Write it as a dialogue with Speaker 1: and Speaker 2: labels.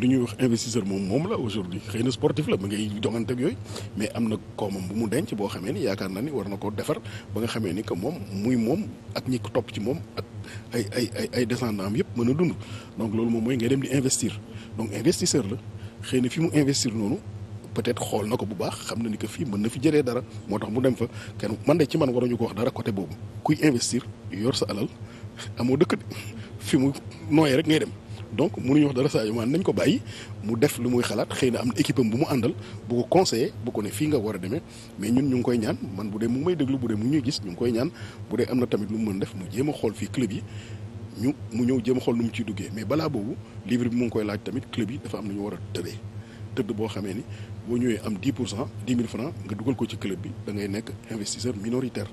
Speaker 1: lu ñuy wax investisseur moom moom la aujourd'hui xëy na sportif la mu ngay jongante ak yooyu mais am na koomam bu mu denc boo xamee ni yaakaar naa ni war na ko defar ba nga xamee ni que moom muy moom ak ñi ko topp ci moom ak ay ay ay ay descendant am yëpp mën a dund donc loolu moom mooy nga dem di investir donc investisseur la xëy na fi mu investir noonu peut-être xool na ko bu baax na ni que fii mën na fi jëlee dara moo tax mu dem fa kenn man de ci man waruñu ko wax dara côté boobu kuy investir yor sa alal amoo dëkk fi mu nooyee rek ngay dem donc mënuñu wax dara Sadio Mané nañ ko bàyyi mu def lu muy xalaat xëy na am na équipe bu mu àndal bu ko conseillé bu ko ne fii nga war a demee mais ñun ñu ngi koy ñaan man bu dee mu may déglu bu dee mu ñuy gis ñu ngi koy ñaan bu dee am na tamit lu mu mën def mu jéem a xool fii club yi ñu mu ñëw jëm a xool nu mu ciy duggee mais balaa boobu livre bi mu ngi koy laaj tamit club yi dafa am lu ñu war a tëddee tëdd boo xamee ni boo ñëwee am 10 pour cent 10 000 francs nga dugal ko
Speaker 2: ci club bi da ngay nekk investisseur minoritaire